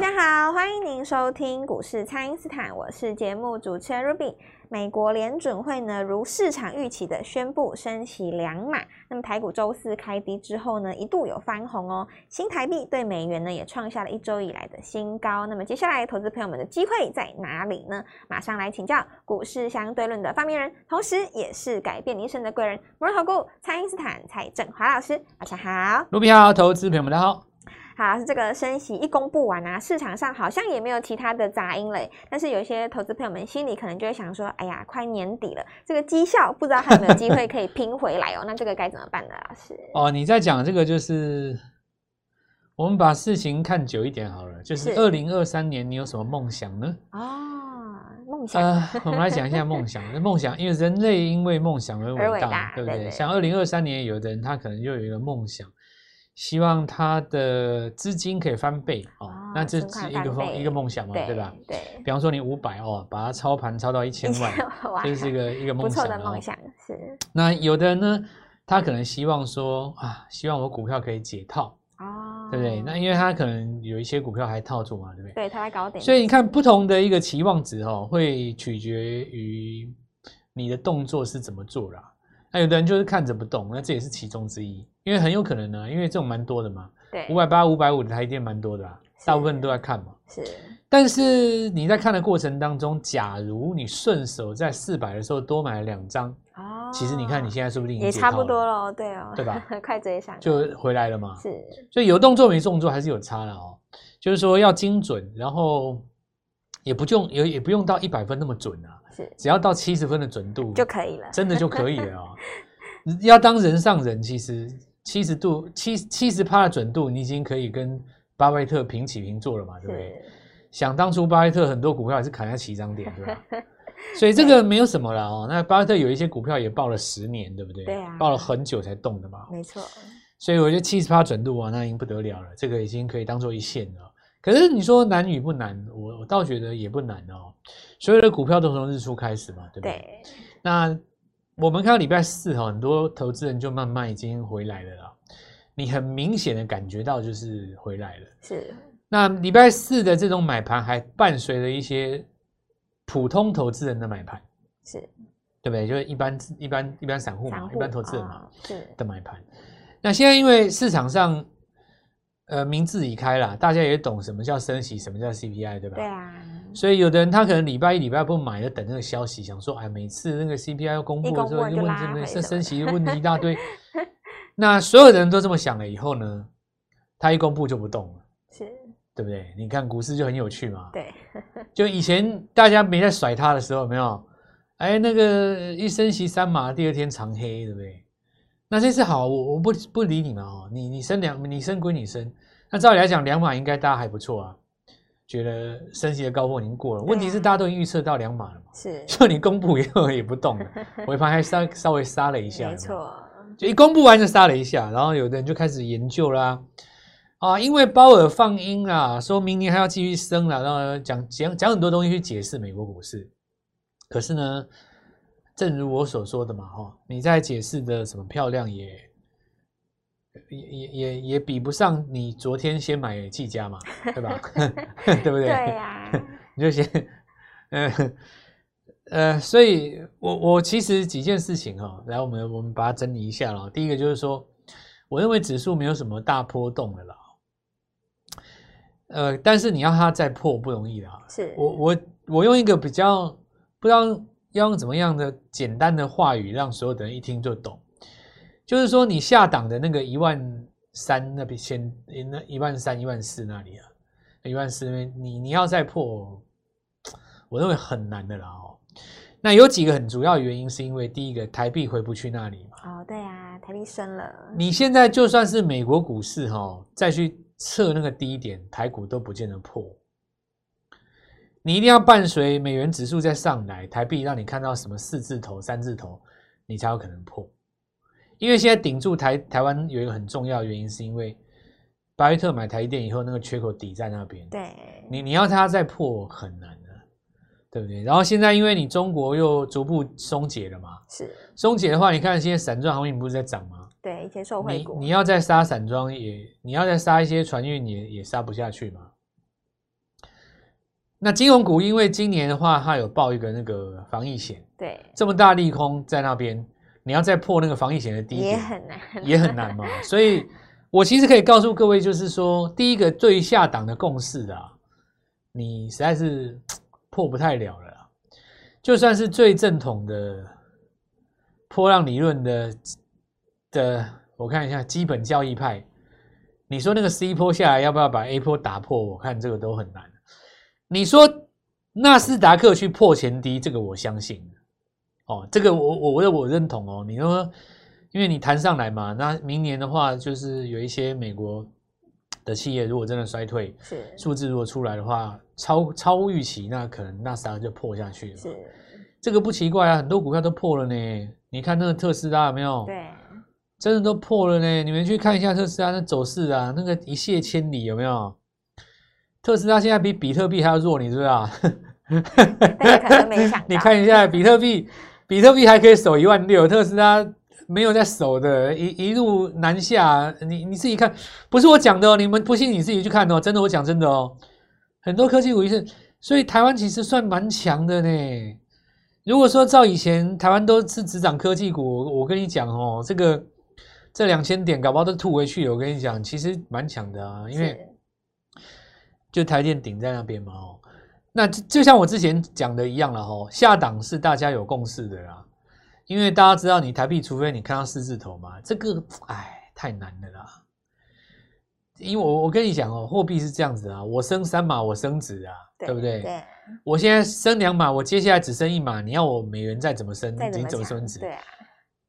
大家好，歡迎您收聽股市蔡因斯坦，我是節目主持人 Ruby。美國聯準會呢，如市場預期的宣布升息兩碼，那麼台股周四開低之後呢，一度有翻紅哦。新台幣對美元呢，也創下了一周以來的新高。那麼接下來投資朋友們的機會在哪裡呢？馬上來請教股市相對論的發明人，同時也是改變一生的貴人。鍵——摩爾投顧蔡因斯坦蔡正華老師。晚上好，Ruby 好，投資朋友們大家好。好，這個升息一公布完啊，市場上好像也沒有其他的雜音嘞。但是有一些投資朋友們心裡可能就會想說：“哎呀，快年底了，這個績效不知道還有沒有機會可以拼回來哦。” 那這個該怎麼辦呢，老師？哦，你在講這個就是我們把事情看久一點好了。就是二零二三年，你有什麼夢想呢？啊，哦，夢想？呃，我們來講一下夢想。夢 想，因為人類因為夢想而偉大，而偉大，對不對？對。像二零二三年，有的人他可能又有一個夢想。希望他的資金可以翻倍哦，那這是一個夢，一個夢想嘛，對吧？對。比方說，你五百哦，把它操盤操到一千萬，這是一個一個夢想。不錯的夢想是。那有的人呢，他可能希望說啊，希望我股票可以解套啊，對不對？那因為他可能有一些股票還套住嘛，對不對？對他來搞點。所以你看，不同的一個期望值哦，會取決於你的動作是怎麼做的。那、啊、有的人就是看着不動，那這也是其中之一，因為很有可能呢、啊，因為這種蠻多的嘛，對，五百八、五百五的台積電蠻多的、啊，是大部分都在看嘛。是，但是你在看的過程當中，假如你順手在四百的時候多買了兩張，哦，其實你看你現在說不定也差不多了，對哦，對吧？快追上就回來了嘛。是，所以有動作沒動作還是有差的哦、喔，就是說要精準，然後也不用也也不用到一百分那麼準啊。只要到七十分的準度就可以了，真的就可以了、喔、 要當人上人，其實七十度七七十趴的準度，你已經可以跟巴菲特平起平坐了嘛，對不對？是想當初巴菲特很多股票也是砍下起漲點，對吧？ 所以這個沒有什麼啦哦、喔。對那巴菲特有一些股票也報了十年，對不對？報、啊、了很久才動的嘛。沒錯錯，所以我覺得七十趴準度啊、喔，那已經不得了了，這個已經可以當做一線了。可是你說難與不難，我我倒覺得也不難哦、喔。所有的股票都從日出開始嘛，對不對？對。那我們看到禮拜四哦，很多投資人就慢慢已經回來了了。你很明顯的感覺到就是回來了。是。那禮拜四的這種買盤還伴隨了一些普通投資人的買盤，是，對不對？就是一般一般一般散戶嘛，散戶一般投資人嘛，哦，是的買盤。那現在因為市場上。呃，名字已開了，大家也懂什麼叫升息，什麼叫 CPI，對吧？對啊。所以有的人他可能禮拜一禮拜不買，就等那個消息，想說，哎，每次那個 CPI 要公布的時候，一就，就問、那個，升升息就問題一大堆。 那所有的人都這麼想了以後呢，他一公布就不動了，是，對不對？你看股市就很有趣嘛。對。 就以前大家沒在甩他的時候，沒有，哎，那個一升息三碼，第二天長黑，對不對？那這次好，我我不理不理你嘛，哦，你你升兩，你升歸你，你升，那照理來講，兩碼應該大家還不錯啊，覺得升息的高峰已經過了。問題是大家都已經預測到兩碼了嘛，是對，就你公布以後也不動了，是尾盤還殺稍微殺了一下，沒錯，就一公布完就殺了一下，然後有的人就開始研究啦、啊，啊，因為鮑爾放鷹啦，說明年還要繼續升啦。然後講講講很多東西去解釋美國股市，可是呢。正如我所說的嘛，哈，你在解釋的什麼漂亮也，也也也比不上你昨天先買的技嘉嘛，對吧？ 對不對？對呀、啊， 你就先，呃呃，所以我我其實幾件事情哈、喔，來我們我們把它整理一下嘍。第一個就是說，我認為指數沒有什麼大波動的啦，呃，但是你要它再破不容易的，是我我我用一個比較不知道。要用怎麼樣的簡單的話語，讓所有的人一聽就懂？就是說，你下檔的那個一萬三那邊先，那一萬三、一萬四那裡啊，一萬四，你你要再破，我認為很難的啦哦。那有幾個很主要原因，是因為第一個，台幣回不去那裡。哦，oh, 對啊，台幣升了。你現在就算是美國股市哈，再去測那個低點，台股都不見得破。你一定要伴隨美元指數再上來，台幣讓你看到什麼四字頭、三字頭，你才有可能破。因為現在頂住台台灣有一個很重要的原因，是因為巴菲特買台電以後，那個缺口抵在那邊。對。你你要它再破很難的，對不對？然後現在因為你中國又逐步鬆解了嘛，是鬆解的話，你看現在散裝航運不是在漲嗎？對，以前受惠股，你你要再殺散裝也，你要再殺一些船運也也殺不下去嘛。那金融股，因為今年的話，它有報一個那個防疫險，對，這麼大利空在那邊，你要再破那個防疫險的低點也很難，也很難嘛。所以我其實可以告訴各位，就是說，第一個，最下檔的共識的、啊，你實在是破不太了了。就算是最正統的波浪理論的的，我看一下基本教義派，你說那個 C 波下來要不要把 A 波打破？我看這個都很難。你說納斯達克去破前低，這個我相信哦，這個我我我我認同哦。你說，因為你談上來嘛，那明年的話，就是有一些美國的企業如果真的衰退，是數字如果出來的話超超預期，那可能納斯達克就破下去了。是這個不奇怪啊，很多股票都破了呢。你看那個特斯拉有沒有？對，真的都破了呢。你們去看一下特斯拉那走勢啊，那個一瀉千里有沒有？特斯拉現在比比特幣還要弱，你知不知道？大家 可能沒想。 你看一下 比特幣，比特幣還可以守一萬六，特斯拉沒有在守的，一一路南下。你你自己看，不是我講的哦。你們不信你自己去看哦。真的，我講真的哦，很多科技股也是，所以台灣其實算蠻強的呢。如果說照以前，台灣都是只漲科技股，我跟你講哦，這個這兩千點搞不好都吐回去。我跟你講，其實蠻強的啊，因為。就台電頂在那邊嘛，哦，那就像我之前講的一樣了哈、哦。下檔是大家有共識的啦，因為大家知道你台幣，除非你看到四字頭嘛，這個哎太難了啦。因為我我跟你講哦，貨幣是這樣子啊，我升三碼我升值啊，對，對不對？對。我現在升兩碼，我接下來只升一碼，你要我美元再怎麼升，你怎麼升值，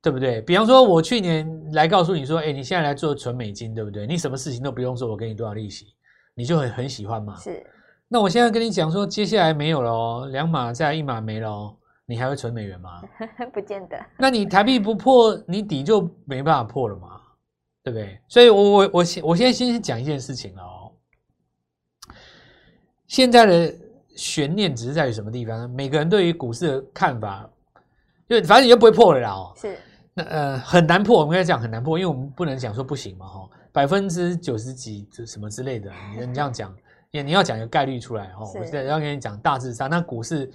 對不對？比方說，我去年來告訴你說，哎、欸，你現在來做純美金，對不對？你什麼事情都不用做，我給你多少利息。你就很很喜歡嘛？是。那我現在跟你講說，接下來沒有了哦，兩碼再一碼沒了哦，你還會存美元嗎？不見得。那你台幣不破，你底就沒辦法破了嘛，對不對？所以我，我我我先我現在先講一件事情哦。現在的懸念只是在於什麼地方呢？每個人對於股市的看法，就反正你就不會破了啦哦。是。那呃，很難破，我們剛才講很難破，因為我們不能講說不行嘛，哈。百分之九十幾，這什麼之類的？你你這樣講，也你要講一個概率出來哦。是。我現在要跟你講大致上，那股市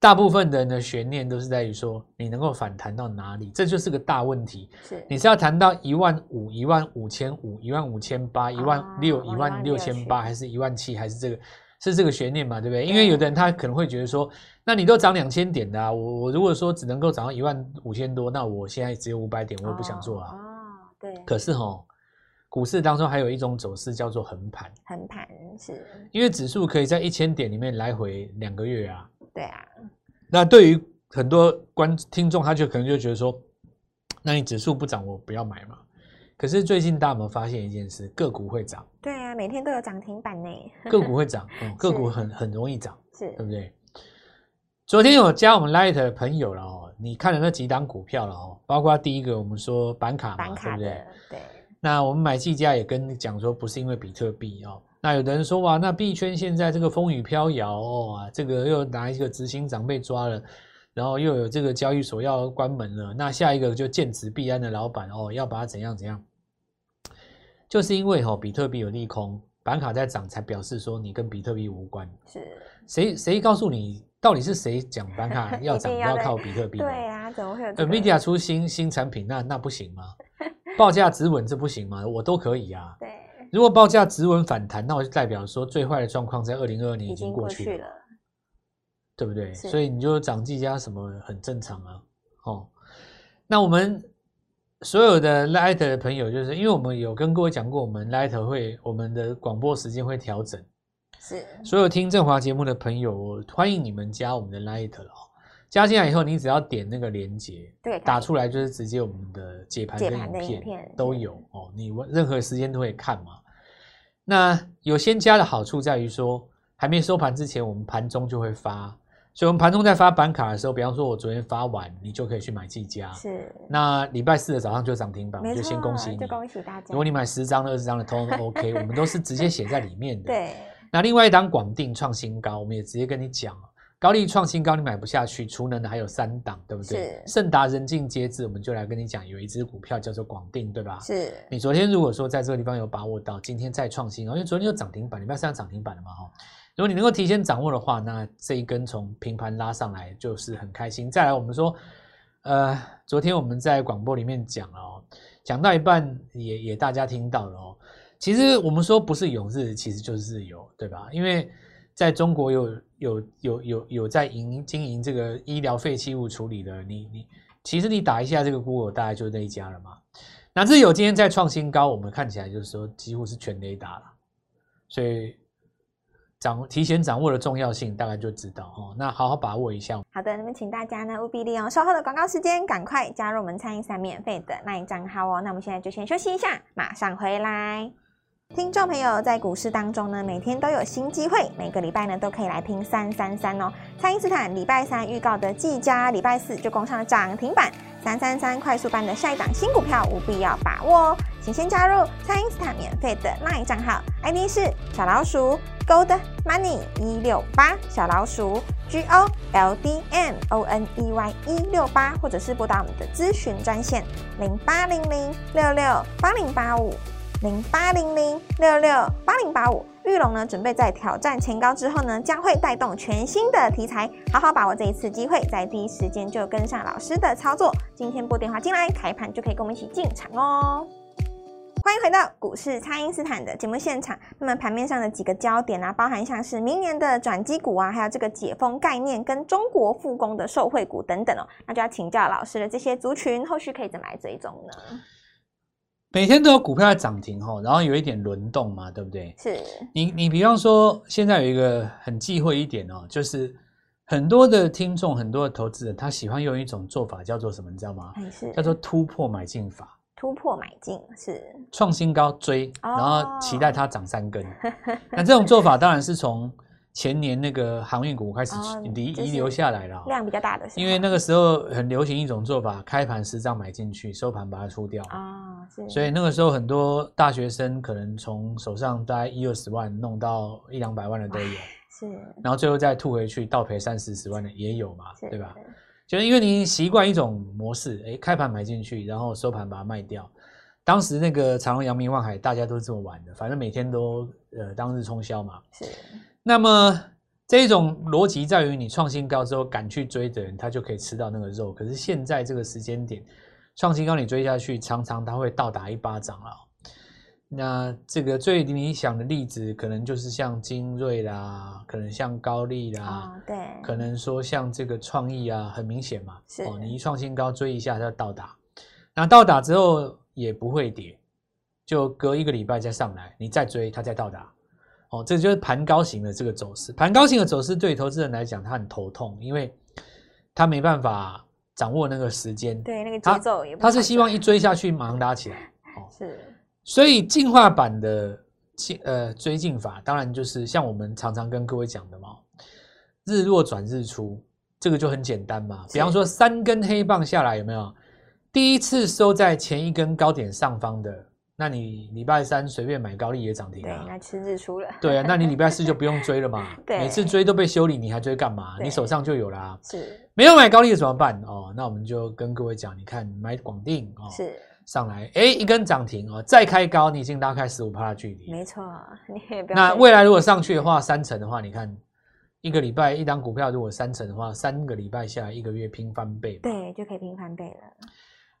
大部分的人的懸念都是在於說你能夠反彈到哪裡，這就是個大問題。是。你是要談到一萬五、啊、一萬五千五、一萬五千八、一萬六、一萬六千八，還是一萬七？還是這個？是這個懸念嘛？對不對？對。因為有的人他可能會覺得說，那你都漲兩千點的、啊，我我如果說只能夠漲到一萬五千多，那我現在只有五百點，我也不想做啊。啊對。可是哈。股市當中還有一種走勢叫做橫盤，橫盤是因為指數可以在一千點裡面來回兩個月啊。對啊，那對於很多觀聽眾，他就可能就覺得說，那你指數不漲，我不要買嘛。可是最近大家有沒有發現一件事？個股會漲。對啊，每天都有漲停板呢。 個股會漲、嗯，個股很是很容易漲，是對不對？昨天有加我們 Light 的朋友了哦、喔，你看了那幾檔股票了哦、喔，包括第一個我們說板卡嘛，板卡對不對？對。那我們買技嘉也跟你講說，不是因為比特幣哦。那有的人說哇、啊，那幣圈現在這個風雨飄搖哦，啊，這個又拿一個執行長被抓了，然後又有這個交易所要關門了，那下一個就建值幣安的老板哦，要把它怎樣怎樣？就是因為哦，比特幣有利空，板卡在漲，才表示說你跟比特幣無關。是誰誰告訴你，到底是誰講板卡要漲 要，要靠比特幣？對啊，怎麼會有、這個？呃，Media 出新新產品，那那不行嗎？報價止穩，這不行嗎？我都可以啊。對。如果報價止穩反彈，那我就代表說最壞的狀況在二零二二年已經過去了，去了對不對？是所以你就漲記家什麼很正常啊。哦，那我們所有的 LINE 的朋友，就是因為我們有跟各位講過，我們 LINE 會我們的廣播時間會調整。是。所有聽正華節目的朋友，歡迎你們加我們的 LINE 哦。加進來以後，你只要點那個連結，對，打出來就是直接我們的解盤的影片都有哦、喔。你任何時間都可以看嘛。那有先加的好處在於說，還沒收盤之前，我們盤中就會發。所以，我們盤中在发板卡的時候，比方說，我昨天发完，你就可以去買技嘉。是。那禮拜四的早上就漲停板，錯我們就先恭喜你。恭喜大家。如果你買十張、二十張的都 OK， 我們都是直接寫在裡面的。對。那另外一檔廣定創新高，我們也直接跟你講。高利創新高，你買不下去。儲能的還有三檔，對不對？是盛達人盡皆知，我們就來跟你講，有一只股票叫做廣定，對吧？是你昨天如果說在這個地方有把握到，今天再創新高哦，因為昨天有漲停板，你不要上漲停板了嘛、哦，哈。如果你能夠提前掌握的話，那這一根從平盤拉上來就是很開心。再來，我們說，呃，昨天我們在廣播裡面講了哦，講到一半也也大家聽到了哦。其實我們說不是有日，其實就是日有，對吧？因為在中國有。有有有有在營經營這個醫療廢棄物處理的，你你其實你打一下這個 Google，大概就那一家了嘛。那這有今天在創新高，我們看起來就是說幾乎是全雷達了，所以掌提前掌握的重要性，大概就知道哦。那好好把握一下。好的，那麼請大家呢務必利用稍後的廣告時間，趕快加入我們餐飲三免費的那 LINE 帳號哦。那我們現在就先休息一下，馬上回來。聽眾朋友，在股市當中呢，每天都有新機會，每個禮拜呢都可以來拼。三三三哦。蔡因斯坦禮拜三預告的技嘉，禮拜四就攻上了漲停板。三三三快速版的下一檔新股票，務必要把握哦。請先加入蔡因斯坦免費的 LINE 賬號，ID 是小老鼠 Gold Money 一六八，小老鼠 G O L D M O N E Y 一六八，或者是撥打我們的諮詢專線零八零零六六八零八五。零八零零六六八零八五，85, 玉龍呢準備在挑戰前高之後呢，將會帶動全新的題材，好好把握這一次機會，在第一時間就跟上老師的操作。今天撥電話進來，開盤就可以跟我們一起進場哦。歡迎回到股市蔡因斯坦的節目現場。那麼盤面上的幾個焦點啊，包含像是明年的轉機股啊，還有這個解封概念跟中國復工的受惠股等等哦，那就要請教老師的這些族群，後續可以怎麼來追蹤呢？每天都有股票在漲停，然後有一點輪動嘛，對不對？是。你你比方說，現在有一個很忌諱一點哦，就是很多的聽眾、很多的投資人，他喜歡用一種做法叫做什麼？你知道嗎？是。叫做突破買進法。突破買進是。創新高追，然後期待它漲三根。哦。那這種做法當然是從。前年那個航運股開始離遺留下來了，嗯就是、量比較大的，因為那個時候很流行一種做法：開盤十漲買進去，收盤把它出掉。啊、哦，所以那個時候很多大學生可能從手上大概一二十萬弄到一兩百萬的都有、er, 啊，是。然後最後再吐回去，倒賠三四十,十萬的也有嘛，對吧？是就是因為您習慣一種模式，哎、欸，開盤買進去，然後收盤把它賣掉。當時那個長榮、陽明、萬海，大家都是這麼玩的，反正每天都呃當日沖銷嘛，是。那麼這種邏輯在於，你創新高之後敢去追的人，他就可以吃到那個肉。可是現在這個時間點，創新高你追下去，常常他會倒打一巴掌啊、喔。那這個最理想的例子，可能就是像精銳啦，可能像高麗啦，oh, 對可能說像這個創意啊，很明顯嘛是、喔，你一創新高追一下，它倒打，那倒打之後也不會跌，就隔一個禮拜再上來，你再追它再倒打。哦，這就是盤高型的這個走勢，盤高型的走勢對於投資人來講，他很頭痛，因為他沒辦法掌握那個時間，對那個節奏他是希望一追下去馬上拉起來，哦、是。所以進化版的進呃追進法，當然就是像我們常常跟各位講的嘛，日落轉日出，這個就很簡單嘛。比方說三根黑棒下來，有沒有第一次收在前一根高點上方的？那你禮拜三隨便買高利也漲停了，對，應該吃日出了。對啊，那你禮拜四就不用追了嘛。 對，每次追都被修理，你還追幹嘛？對你手上就有了啊。是，沒有買高利的怎麼辦？哦，那我們就跟各位講，你看買廣電哦，是上來哎一根漲停哦。再開高，你已經拉開十五趴的距離。沒錯，你也。那未來如果上去的話，三成的話，你看一個禮拜一檔股票，如果三成的話，三個禮拜下來，一個月拼翻倍。對，就可以拼翻倍了。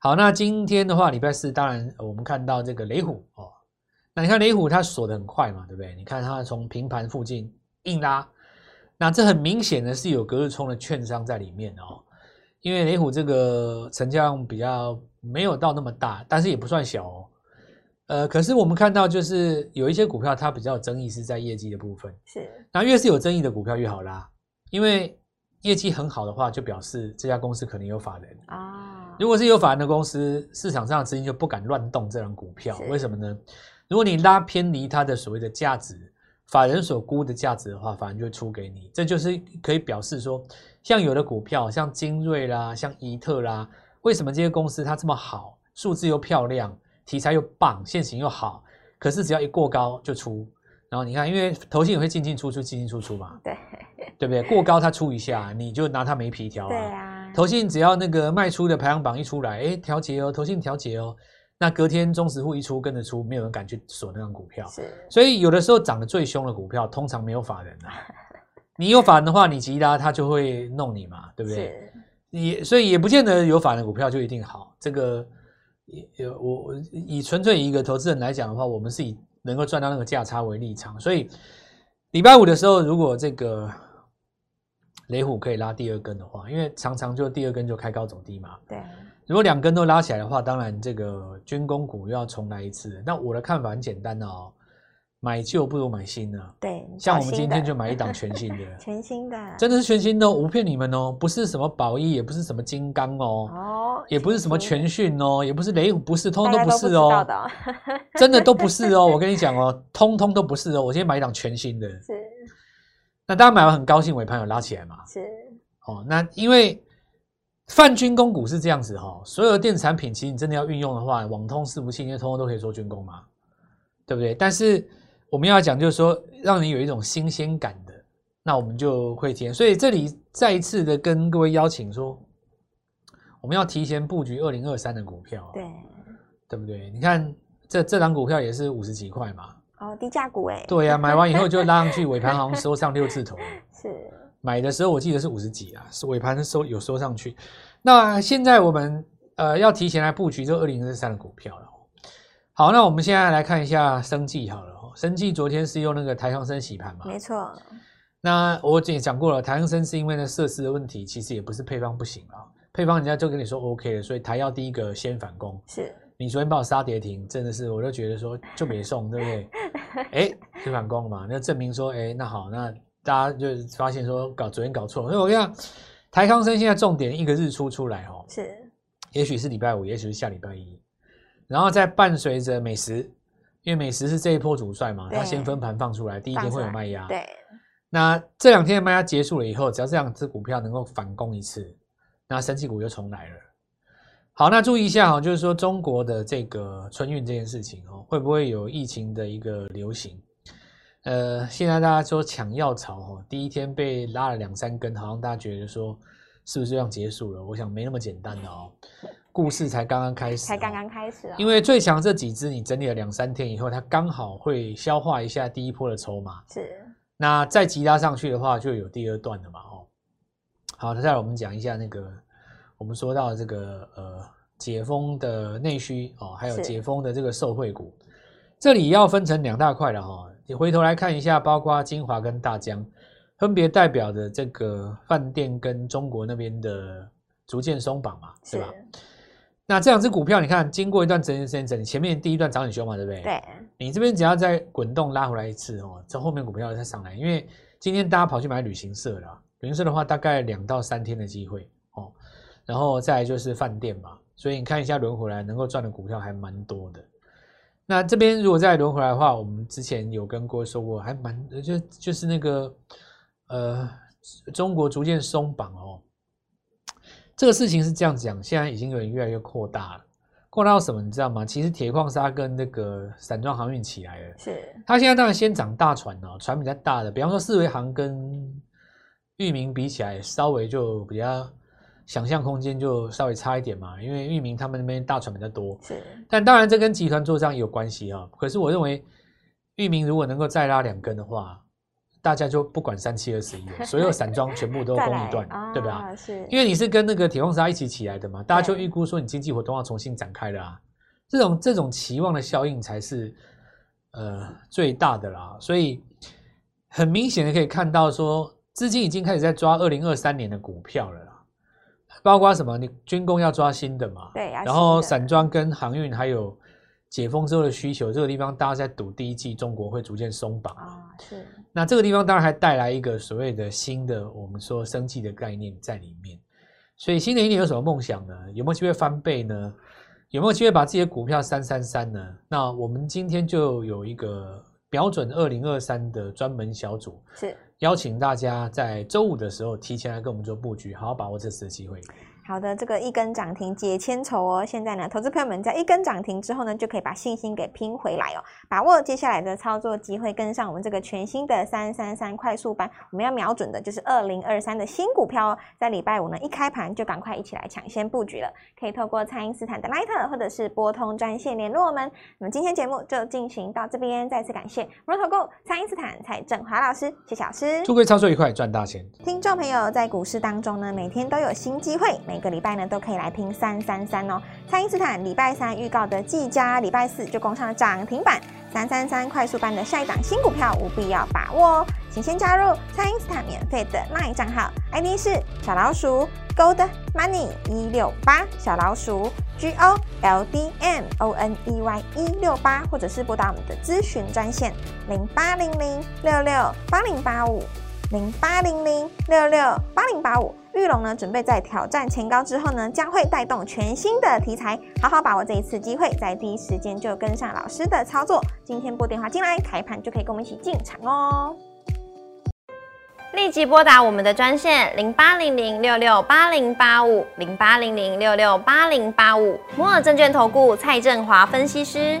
好，那今天的話，禮拜四，當然我們看到這個雷虎哦，那你看雷虎它鎖得很快嘛，對不對？你看它從平盤附近硬拉，那這很明顯的是有隔日沖的券商在裡面哦，因為雷虎這個成交量比較沒有到那麼大，但是也不算小哦。呃，可是我們看到就是有一些股票它比較有爭議是在業績的部分，是，那越是有爭議的股票越好拉，因為業績很好的話，就表示這家公司可能有法人啊。如果是有法人的公司，市場上的資金就不敢亂動這檔股票，的為什麼呢？如果你拉偏離它的所謂的價值，法人所估的價值的話，法人就會出給你，這就是可以表示說，像有的股票，像精銳啦，像宜特啦，為什麼這些公司它這麼好，數字又漂亮，題材又棒，線型又好，可是只要一過高就出，然後你看，因為投信也會進進出出，進進出出嘛，對，對不對？過高它出一下，你就拿它沒皮條啊，對啊投信只要那個賣出的排行榜一出來，哎，調節哦，投信調節哦，那隔天中實戶一出跟着出，沒有人敢去鎖那張股票，是所以有的時候漲得最凶的股票通常沒有法人吶、啊。你有法人的話，你急他他就會弄你嘛，對不對？是也所以也不見得有法人的股票就一定好。這個我，我以純粹以一個投資人來講的話，我們是以能夠賺到那個價差為立場，所以禮拜五的時候如果這個。雷虎可以拉第二根的話，因為常常就第二根就開高走低嘛。對。如果兩根都拉起來的話，當然這個軍工股又要重來一次。那我的看法很簡單哦，買舊不如買新、啊、新的。對。像我們今天就買一檔全新的。 全新的。真的是全新的，我不騙你們哦，不是什麼寶一，也不是什麼金剛哦。哦。也不是什麼全訊哦，新也不是雷虎，不是，通通都不是哦。的哦 真的都不是哦，我跟你講哦，通通都不是哦，我今天買一檔全新的。那大家買完很高興，尾盤有拉起來嘛？是哦。那因為泛軍工股是這樣子哈、哦，所有的電子產品其實你真的要運用的話，網通、伺服器、通通都可以做軍工嘛，對不對？但是我們要講，就是說讓你有一種新鮮感的，那我們就會添。所以這裡再一次的跟各位邀請說，我們要提前布局二零二三的股票、哦，對對不對？你看這這檔股票也是五十幾塊嘛。哦，低價股哎、欸，對呀、啊，買完以後就拉上去， 尾盤好像收上六字頭。 是。買的時候我記得是五十幾啊，尾盤收有收上去。那現在我們呃要提前來佈局這二零二三的股票了。好，那我們現在來看一下生技好了。生技昨天是用那個台康生洗盤嘛？沒錯。那我之前講過了，台康生是因為那設施的問題，其實也不是配方不行啊，配方人家就跟你說 OK 了，所以台要第一個先反攻。是。你昨天幫我殺跌停，真的是我都覺得說就沒送， 對不對？哎、欸，就反攻了嘛？那證明說，哎、欸，那好，那大家就發現說搞搞，搞昨天搞錯了，所以我跟你講，台康生現在重點一個日出出來哦、喔，是，也許是禮拜五，也許是下禮拜一，然後再伴隨着美食，因為美食是這一波主帥嘛，它先分盤放出來，對第一天會有賣壓，對，那這兩天的賣壓結束了以後，只要這兩只股票能夠反攻一次，那神奇股又重來了。好，那注意一下哈，就是說中國的這個春運這件事情哦，會不會有疫情的一個流行？呃，現在大家說搶藥潮哈，第一天被拉了兩三根，好像大家覺得說是不是要結束了？我想沒那麼簡單的哦，故事才剛剛開始，才剛剛開始了。因為最強這幾支，你整理了兩三天以後，它剛好會消化一下第一波的籌碼。是。那再急拉上去的話，就有第二段了嘛。哦。好，那接下來我們講一下那個。我們說到這個呃，解封的內需哦、喔，還有解封的這個受惠股，是這裡要分成兩大塊了哈、喔。你回頭來看一下，包括金華跟大江，分別代表著這個飯店跟中國那邊的逐漸鬆綁嘛，對吧？是那這兩隻股票，你看經過一段整理整理，前面第一段漲很凶嘛，對不對？對。你這邊只要再滾動拉回來一次哦、喔，這後面股票再上來。因為今天大家跑去買旅行社了，旅行社的話大概兩到三天的機會。然後再來就是飯店嘛，所以你看一下輪回來能夠賺的股票還蠻多的。那這邊如果再輪回來的話，我們之前有跟郭說過，還蠻就就是那個呃，中國逐漸鬆綁哦。這個事情是這樣子講，現在已經有點越來越擴大了。擴大到什麼？你知道嗎？其實鐵礦砂跟那個散裝航運起來了。是。它現在當然先漲大船哦，船比較大的，比方說四維航跟裕民比起來，稍微就比較。想象空間就稍微差一點嘛，因為裕民他們那邊大船比較多，是。但當然，這跟集團作戰有關係啊。可是我認為，裕民如果能夠再拉兩根的話，大家就不管三七二十一了， 所有散裝全部都攻一段，啊、對不吧對？是因為你是跟那個鐵礦砂一起起來的嘛，是大家就預估說你經濟活動要重新展開了啊。對這種這種期望的效應才是呃最大的啦。所以很明顯的可以看到，說資金已經開始在抓二零二三年的股票了。啦。包括什麼？你軍工要抓新的嘛？對、啊，然後散裝跟航運，還有解封之後的需求，這個地方大家在賭第一季中國會逐漸鬆綁、哦、是，那這個地方當然還帶來一個所謂的新的，我們說生計的概念在裡面。所以新的一年有什麼夢想呢？有沒有機會翻倍呢？有沒有機會把自己的股票三三三呢？那我們今天就有一個。瞄準二零二三的專門小組，是邀請大家在周五的時候提前來跟我們做布局，好好把握這次的機會。好的，這個一根漲停解千愁哦、喔。現在呢，投資朋友們在一根漲停之後呢，就可以把信心給拼回來哦、喔，把握接下來的操作機會，跟上我們這個全新的三三三快速班。我們要瞄準的就是二零二三的新股票哦、喔，在禮拜五呢，一開盤就趕快一起來搶先布局了。可以透過蔡因斯坦的 LINE 或者是撥通專線聯絡我們。那麼今天節目就進行到這邊，再次感謝摩爾投顧蔡因斯坦蔡正華老師，謝謝老師，祝各位操作愉快，賺大錢。聽眾朋友在股市當中呢，每天都有新機會。每個禮拜呢，都可以來拼三三三哦。蔡因斯坦禮拜三預告的技嘉，禮拜四就攻上了漲停板，三三三快速班的下一檔新股票，務必要把握哦。請先加入蔡因斯坦免費的 LINE 賬號，ID 是小老鼠 Gold Money 一六八，小老鼠 G O L D M O N E Y 一六八，或者是撥打我們的諮詢專線零八零零六六八零八五零八零零六六八零八五。玉龍呢，準備在挑戰前高之後呢，將會帶動全新的題材，好好把握這一次機會，在第一時間就跟上老師的操作。今天撥電話進來，開盤就可以跟我們一起進場哦。立即撥打我們的專線零八零零六六八零八五零八零零六六八零八五，摩爾證券投顧蔡正華分析師。